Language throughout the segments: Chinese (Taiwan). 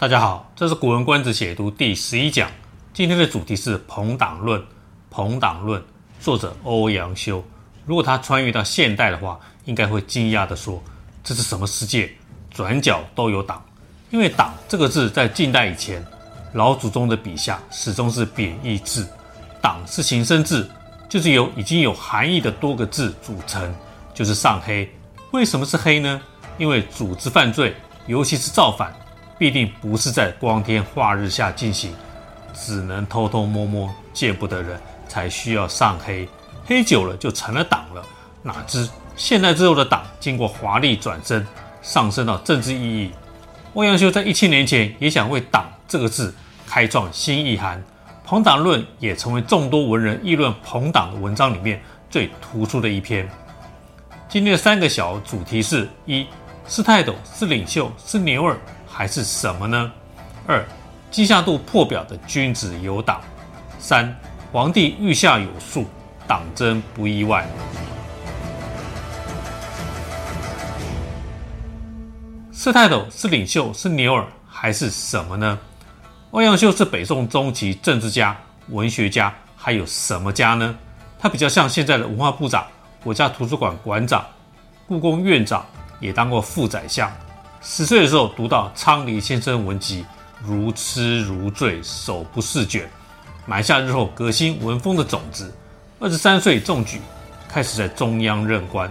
大家好，這是《古文觀止》寫讀第十一講。今天的主題是《朋黨論》，《朋黨論》作者歐陽修。如果他穿越到現代的話，應該會驚訝地說：“這是什麼世界？轉角都有黨！”因為“黨”這個字在近代以前，老祖宗的筆下始終是貶義字。黨是形聲字，就是由已經有含義的多個字組成，就是尚黑。為什麼是黑呢？因為組織犯罪，尤其是造反。必定不是在光天化日下進行，只能偷偷摸摸，見不得人，才需要尚黑。黑久了就成了黨了。哪知現代之後的黨，經過華麗轉身，上升到政治意義。歐陽修在一千年前也想為“黨”這個字開創新意涵，《朋黨論》也成為眾多文人議論朋黨的文章裡面最突出的一篇。今天的三個小主題是：一是泰斗，是領袖，是牛耳。還是什麼呢？二，績效度破表的君子有黨；三，皇帝御下有術，黨爭不意外。四，是泰斗是領袖，是牛耳，還是什麼呢？歐陽修是北宋中期政治家、文學家，還有什麼家呢？他比較像現在的文化部長、國家圖書館館長、故宮院長，也當過副宰相。十歲的時候讀到《昌黎先生文集》，如痴如醉，手不釋卷，埋下日後革新文風的種子。二十三歲中舉，開始在中央任官。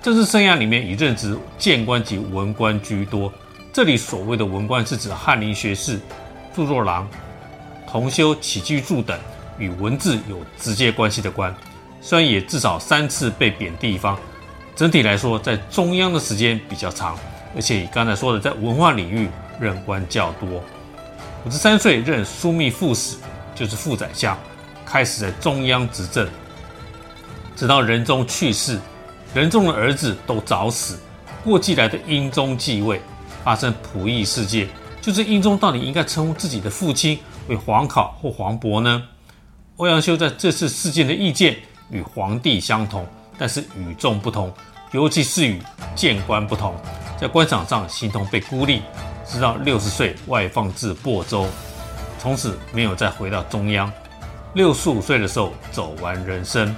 政治生涯裡面以任職諫官及文官居多。這裡所謂的文官，是指翰林學士、著作郎、同修起居注等與文字有直接關係的官。雖然也至少三次被貶地方，整體來說在中央的時間比較長。而且你剛才說的，在文化領域任官較多。五十三歲任樞密副使，就是副宰相，開始在中央執政。直到仁宗去世，仁宗的兒子都早死，過繼來的英宗繼位，發生濮議事件，就是英宗到底應該稱呼自己的父親為皇考或皇伯呢？歐陽修在這次事件的意見與皇帝相同，但是與眾不同，尤其是與諫官不同。在官場上形同被孤立，直到六十歲外放至亳州，從此沒有再回到中央。六十五歲的時候走完人生。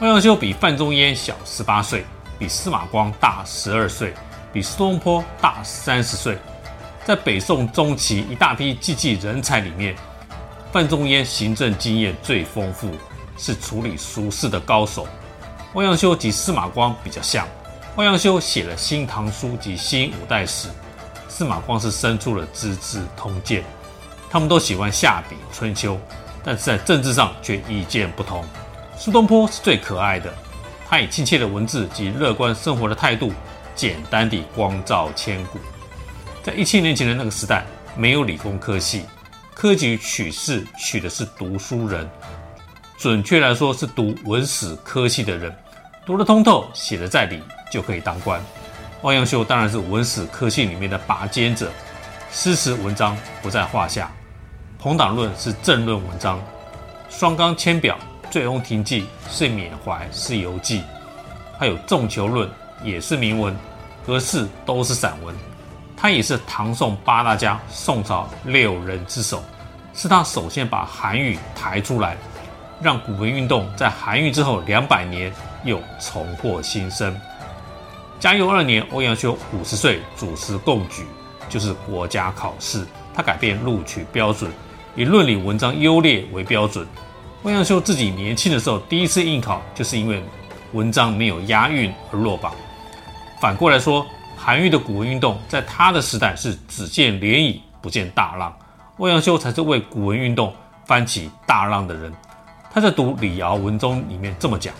歐陽修比范仲淹小十八歲，比司馬光大十二歲，比蘇東坡大三十歲。在北宋中期一大批濟濟人才裡面，范仲淹行政經驗最豐富，是處理俗事的高手。歐陽修及司馬光比較像。歐陽修寫了《新唐書》及《新五代史》，司馬光是生出了《資治通鑑》，他們都喜歡下筆春秋，但是在政治上卻意見不同。蘇東坡是最可愛的，他以親切的文字及樂觀生活的態度，簡單地光照千古。在一千年前的那個時代，沒有理工科系，科舉取士取的是讀書人，準確來說是讀文史科系的人，讀得通透，寫得在理。就可以當官。歐陽修當然是文史科系裡面的拔尖者，詩詞文章不在話下。《朋黨論》是政論文章，《瀧岡阡表》《醉翁亭記》是緬懷是遊記，還有《縱囚論》也是銘文，格式都是散文。他也是唐宋八大家，宋朝六人之首。是他首先把韓愈抬出來，讓古文運動在韓愈之後兩百年又重獲新生。嘉佑二年，歐陽修五十歲主持貢舉，就是國家考試。他改變錄取標準，以論理文章優劣為標準。歐陽修自己年輕的時候第一次應考，就是因為文章沒有押韻而落榜。反過來說，韓愈的古文運動在他的時代是只見漣漪不見大浪，歐陽修才是為古文運動翻起大浪的人。他在讀李翱文中裡面這麼講：“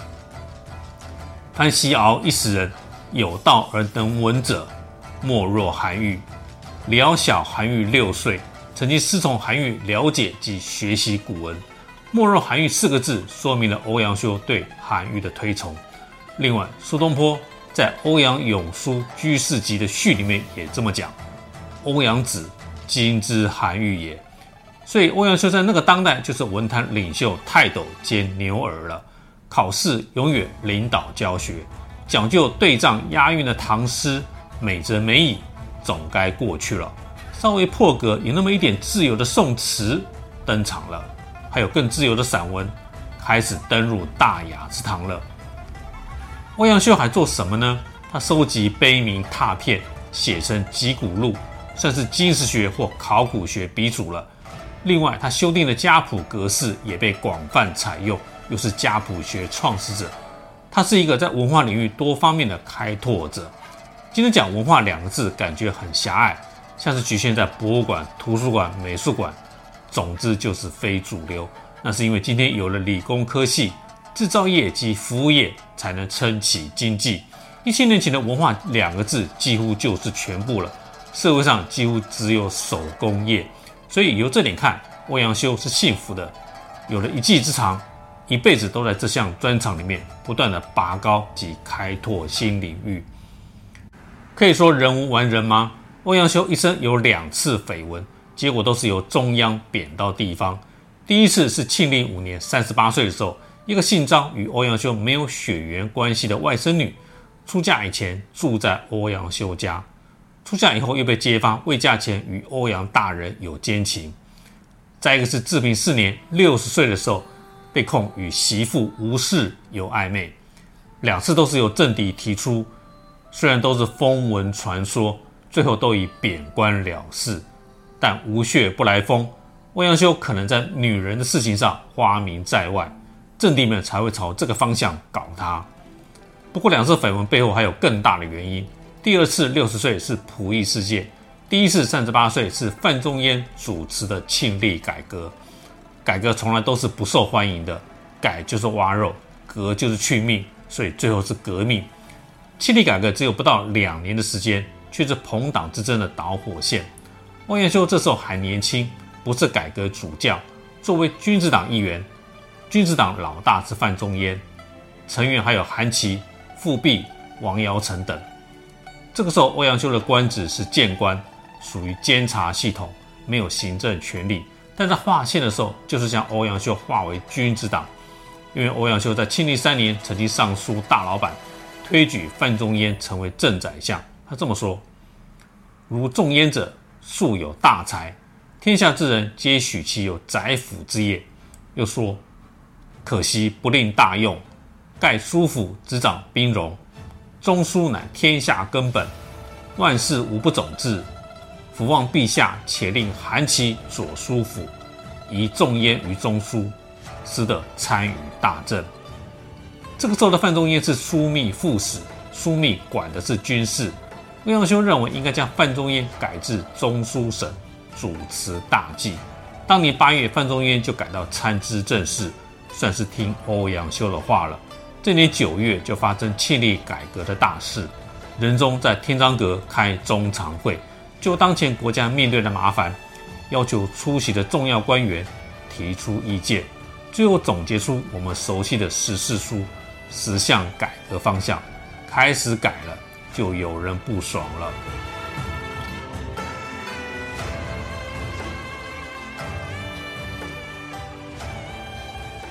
凡昔翱一時人。”有道而能文者，莫若韓愈。李翱小韓愈六歲，曾經師從韓愈了解及學習古文。莫若韓愈四個字，說明了歐陽修對韓愈的推崇。另外，蘇東坡在《歐陽永叔居士集》的序裡面也這麼講：“歐陽子今之韓愈也。”所以，歐陽修在那個當代就是文壇領袖、泰斗兼牛耳了。考試永遠領導教學。講究對仗押韻的唐詩，美則美矣，總該過去了。稍微破格，有那麼一點自由的宋詞登場了，還有更自由的散文開始登入大雅之堂了。歐陽修還做什麼呢？他收集碑銘拓片，寫成《集古錄》，算是金石學或考古學鼻祖了。另外，他修訂的家譜格式也被廣泛採用，又是家譜學創始者。他是一個在文化領域多方面的開拓者。今天講文化兩個字，感覺很狹隘，像是局限在博物館、圖書館、美術館，總之就是非主流。那是因為今天有了理工科系、制造業及服務業才能撐起經濟。一千年前的文化兩個字幾乎就是全部了，社會上幾乎只有手工業。所以由這點看，歐陽修是幸福的，有了一技之長。一輩子都在這項專長裡面不斷的拔高及開拓新領域，可以說人無完人嗎？歐陽修一生有兩次緋聞，結果都是由中央貶到地方。第一次是慶曆五年，三十八歲的時候，一個姓張與歐陽修沒有血緣關係的外甥女，出嫁以前住在歐陽修家，出嫁以後又被揭發未嫁前與歐陽大人有奸情。再一個是治平四年，六十歲的時候。被控與媳婦吳氏有曖昧，兩次都是由政敵提出，雖然都是風聞傳說，最後都以貶官了事，但無穴不來風，歐陽修可能在女人的事情上花名在外，政敵們才會朝這個方向搞他。不過兩次緋聞背後還有更大的原因，第二次六十歲是濮議事件，第一次三十八歲是范仲淹主持的慶曆改革。改革從來都是不受歡迎的，改就是挖肉，革就是去命，所以最後是革命。慶曆改革只有不到兩年的時間，卻是朋黨之爭的導火線。歐陽修這時候還年輕，不是改革主教，作為君子黨一員，君子黨老大是范仲淹，成員還有韓琦、富弼、王堯臣等。這個時候，歐陽修的官職是諫官，屬於監察系統，沒有行政權力。但在劃線的時候，就是將歐陽修劃為君子黨，因為歐陽修在慶曆三年曾經上書大老板，推舉范仲淹成為正宰相。他這麼說：“如仲淹者，素有大才，天下之人皆許其有宰輔之業。”又說：“可惜不令大用，蓋樞府執掌兵戎，中書乃天下根本，萬事無不總治。”伏望陛下，且令韓琦左樞府，以仲淹於中書，使得參與大政。這個時候的范仲淹是樞密副使，樞密管的是軍事。歐陽修認為應該將范仲淹改至中書省主持大計。當年八月，范仲淹就改到參知政事，算是聽歐陽修的話了。這年九月，就發生慶曆改革的大事。仁宗在天章閣開中常會。就當前國家面對的麻煩，要求出席的重要官員提出意見，最後總結出我們熟悉的《十事書》，十項改革方向，開始改了，就有人不爽了。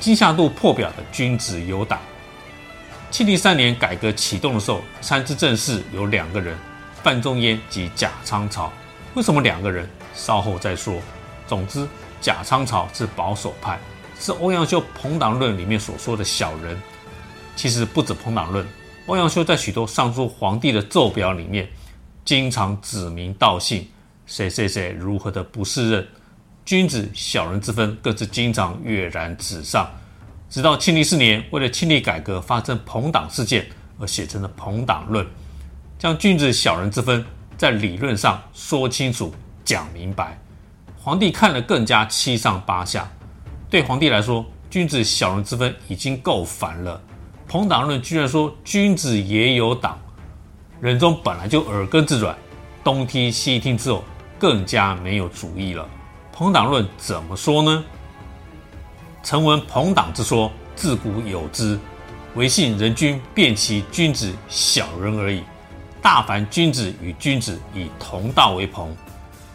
驚嚇度破表的君子有黨。慶歷三年改革啟動的時候，參知政事有兩個人。范仲淹及賈昌朝，為什麼兩個人？稍後再說。總之，賈昌朝是保守派，是歐陽修《朋黨論》裡面所說的小人。其實不止《朋黨論》，歐陽修在許多上書皇帝的奏表裡面，經常指名道姓，誰誰誰如何的不適任，君子小人之分，各自經常躍然紙上。直到慶曆四年，為了慶曆改革發生朋黨事件，而寫成了《朋黨論》。將君子小人之分在理論上說清楚、講明白，皇帝看了更加七上八下。對皇帝來說，君子小人之分已經夠煩了。朋黨論居然說君子也有黨，仁宗本來就耳根子軟，東聽西聽之後更加沒有主意了。朋黨論怎麼說呢？臣聞朋黨之說，自古有之，唯幸人君辨其君子小人而已。大凡君子與君子以同道為朋，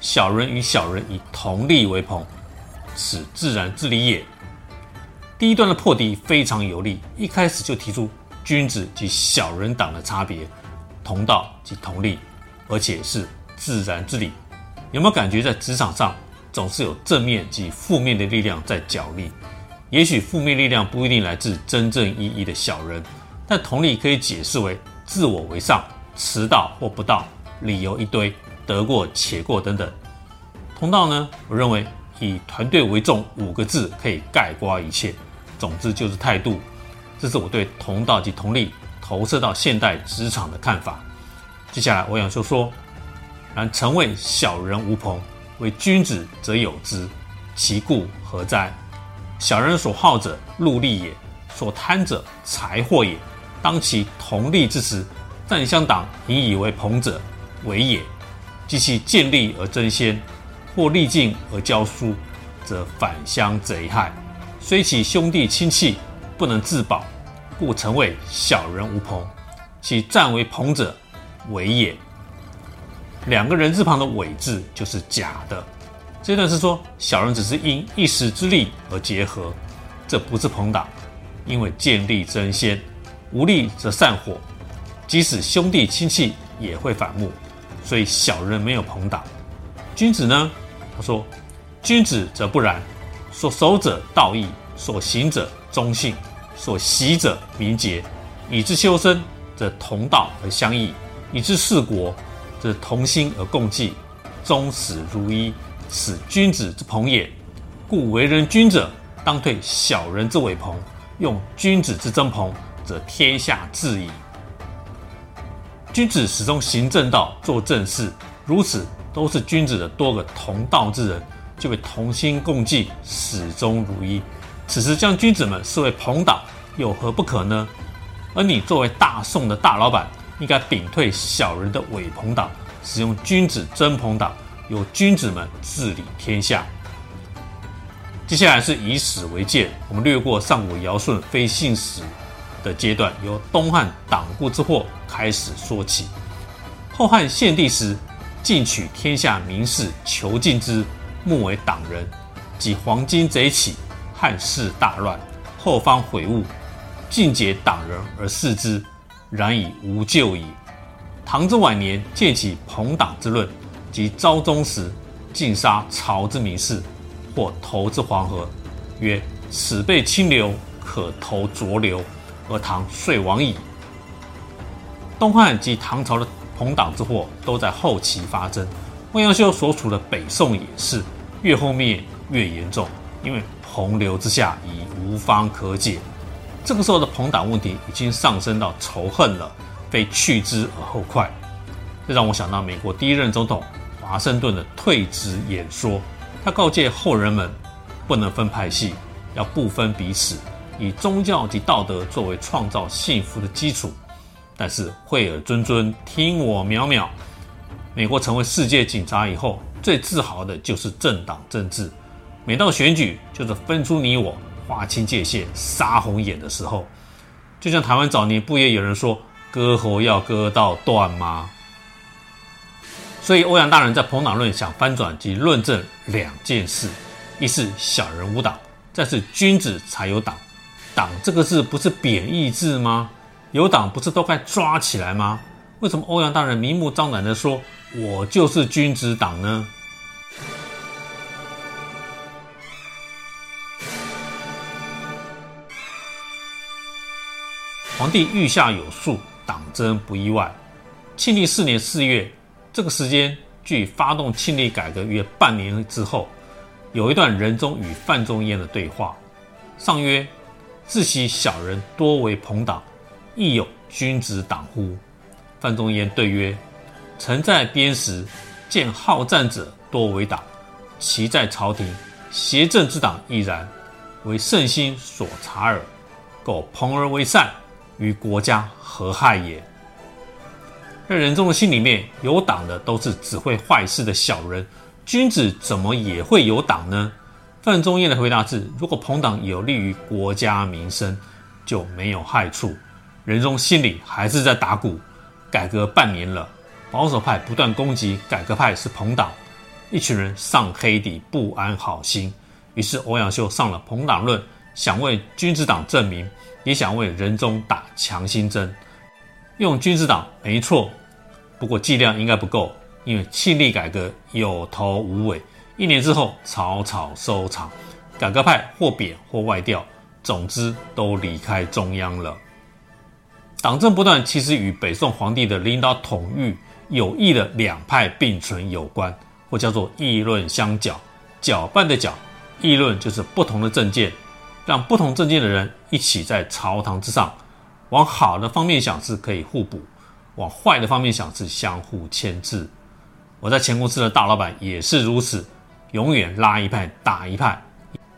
小人與小人以同利為朋，此自然之理也。第一段的破題非常有力，一開始就提出君子及小人黨的差別，同道及同利，而且是自然之理。有沒有感覺在職場上總是有正面及負面的力量在角力？也許負面力量不一定來自真正意義的小人，但同利可以解釋為自我為上。遲到或不到，理由一堆，得過且過等等。同道呢？我認為以團隊為重五個字可以概括一切。總之就是態度。這是我對同道及同利投射到現代職場的看法。接下來我想說說，然臣謂小人無朋，為君子則有之，其故何哉？小人所好者祿利也，所貪者財貨也。當其同利之時。但相黨以以為朋者，偽也；及其見利而爭先，或利盡而交疏，則反相賊害。雖其兄弟親戚不能自保，故稱為小人無朋。其暫為朋者，偽也。兩個人字旁的偽字就是假的。這段是說，小人只是因一時之利而結合，這不是朋黨，因為見利爭先，無利則散夥。即使兄弟親戚也會反目，所以小人沒有朋黨。君子呢？他說：“君子則不然，所守者道義，所行者忠信，所習者名節。以之修身，則同道而相益；以之事國，則同心而共濟。終始如一，此君子之朋也。故為人君者，當退小人之偽朋，用君子之真朋，則天下治矣。”君子始終行正道，做正事，如此都是君子的多個同道之人，就會同心共濟，始終如一。此時將君子們視為朋黨，有何不可呢？而你作為大宋的大老闆，應該摒退小人的偽朋黨，使用君子真朋黨，由君子們治理天下。接下來是以史為鑑，我們略過上古堯舜，非信史。的階段由東漢黨錮之禍開始說起。後漢獻帝時，盡取天下名士囚禁之，目為黨人。及黃巾賊起，漢室大亂，後方悔悟，盡解黨人而釋之。然已無救矣。唐之晚年，建起朋黨之論，及昭宗時，盡殺朝之名士，或投之黃河，曰：“此輩清流，可投濁流。”而唐遂亡矣。東漢及唐朝的朋黨之禍都在後期發生，歐陽修所處的北宋也是越後面越嚴重，因為洪流之下已無方可解。這個時候的朋黨問題已經上升到仇恨了，非去之而後快。這讓我想到美國第一任總統華盛頓的退職演說，他告誡後人們不能分派系，要不分彼此。以宗教及道德作為創造幸福的基礎，但是誨爾諄諄，聽我藐藐。美國成為世界警察以後，最自豪的就是政黨政治。每到選舉，就是分出你我，劃清界限，殺紅眼的時候。就像台灣早年不也有人說“割喉要割到斷”嗎？所以歐陽大人在《朋黨論》想翻轉及論證兩件事：一是小人無黨，再是君子才有黨。黨這個字不是貶義字嗎？有黨不是都該抓起來嗎？為什麼歐陽大人明目張膽的說“我就是君子黨”呢？皇帝御下有術，黨爭不意外。慶曆四年四月，這個時間距發動慶曆改革約半年之後，有一段仁宗與范仲淹的對話，上曰。自昔小人多為朋黨，亦有君子黨乎？范仲淹對曰：“臣在邊時，見好戰者多為黨；其在朝廷，邪正之黨亦然，為聖心所察耳。苟朋而為善，與國家何害也？”在仁宗的心裡面，有黨的都是只會壞事的小人，君子怎麼也會有黨呢？范仲淹的回答是：如果朋黨有利於國家民生，就沒有害處。仁宗心裡還是在打鼓。改革半年了，保守派不斷攻擊改革派是朋黨，一群人尚黑的不安好心。於是歐陽修上了《朋黨論》，想為君子黨正名，也想為仁宗打強心針。用君子黨沒錯，不過劑量應該不夠，因為慶曆改革有頭無尾。一年之後，草草收場，改革派或貶或外調，總之都離開中央了。黨爭不斷，其實與北宋皇帝的領導統御有意的兩派並存有關，或叫做議論相攪，攪拌的攪，議論就是不同的政見，讓不同政見的人一起在朝堂之上，往好的方面想是可以互補，往壞的方面想是相互牽制。我在前公司的大老板也是如此。永遠拉一派打一派，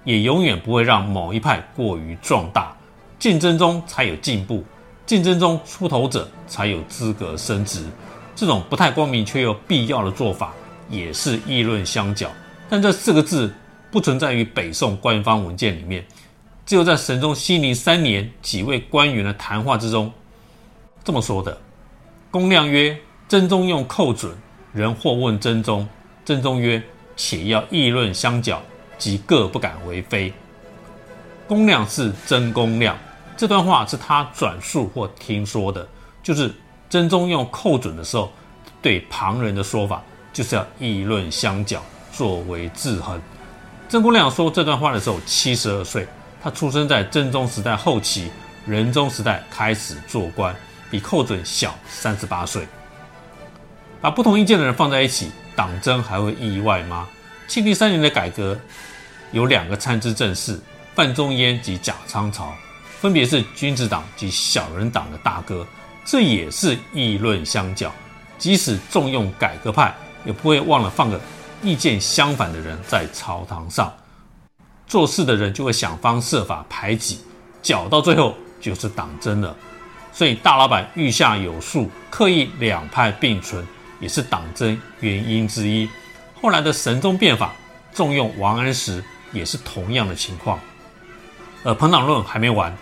也永遠不會讓某一派過於壯大。競爭中才有進步，競爭中出頭者才有資格升職。這種不太光明卻又必要的做法，也是異論相攪。但這四個字不存在於北宋官方文件裡面，只有在神宗熙寧三年幾位官員的談話之中這麼說的。公亮曰：“真宗用寇準。”人或問真宗，真宗曰：且要議論相繳，即各不敢為非。公亮是真公亮，這段話是他轉述或聽說的，就是真宗用寇準的時候，對旁人的說法，就是要議論相繳，作為制衡。曾公亮說這段話的時候，七十二歲。他出生在真宗時代後期，仁宗時代開始做官，比寇準小三十八歲。把不同意見的人放在一起。黨爭還會意外嗎？慶曆三年的改革有兩個參知政事，范仲淹及賈昌朝，分別是君子黨及小人黨的大哥，這也是議論相較，即使重用改革派，也不會忘了放個意見相反的人在朝堂上。做事的人就會想方設法排擠，攪到最後就是黨爭了。所以大老闆御下有數，刻意兩派並存。也是黨爭原因之一，後來的神宗變法重用王安石，也是同樣的情況。而朋黨論還沒完，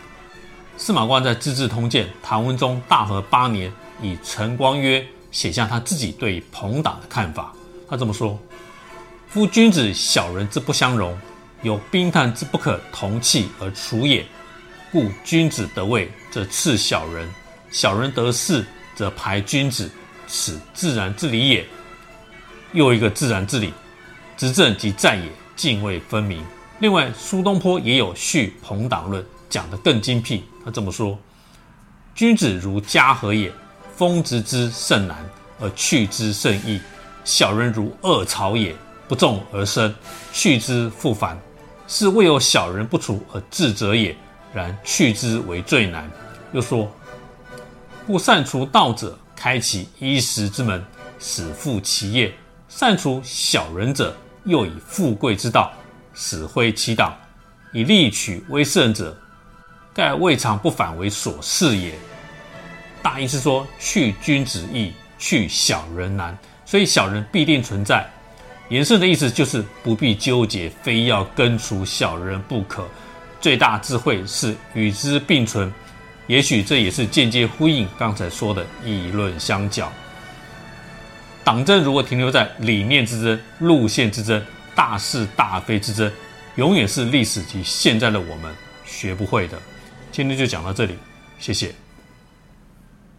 司馬光在《資治通鑑》唐文宗大和八年以臣光曰寫下他自己對朋黨的看法。他這麼說，夫君子小人之不相容，有冰炭之不可同器而處也。故君子得位則斥小人，小人得勢則排君子。此自然之理也，又一個自然之理，執政即戰也，涇渭分明。另外，蘇東坡也有《續朋黨論》，講得更精闢。他這麼說：君子如嘉禾也，封植之甚難，而去之甚易；小人如惡草也，不種而生，去之復繁。是未有小人不除而治者也。然去之為最難。又說：不善除道者。開啟衣食之門，使富其業；善除小人者，又以富貴之道使灰其黨，以利取為勝者，蓋未嘗不反為所事也。大意是說，去君子易，去小人難，所以小人必定存在。延伸的意思就是不必糾結，非要根除小人不可。最大智慧是與之並存。也許這也是間接呼應剛才說的“議論相交”。黨爭如果停留在理念之爭、路線之爭、大是大非之爭，永遠是歷史及現在的我們學不會的。今天就講到這裡，謝謝。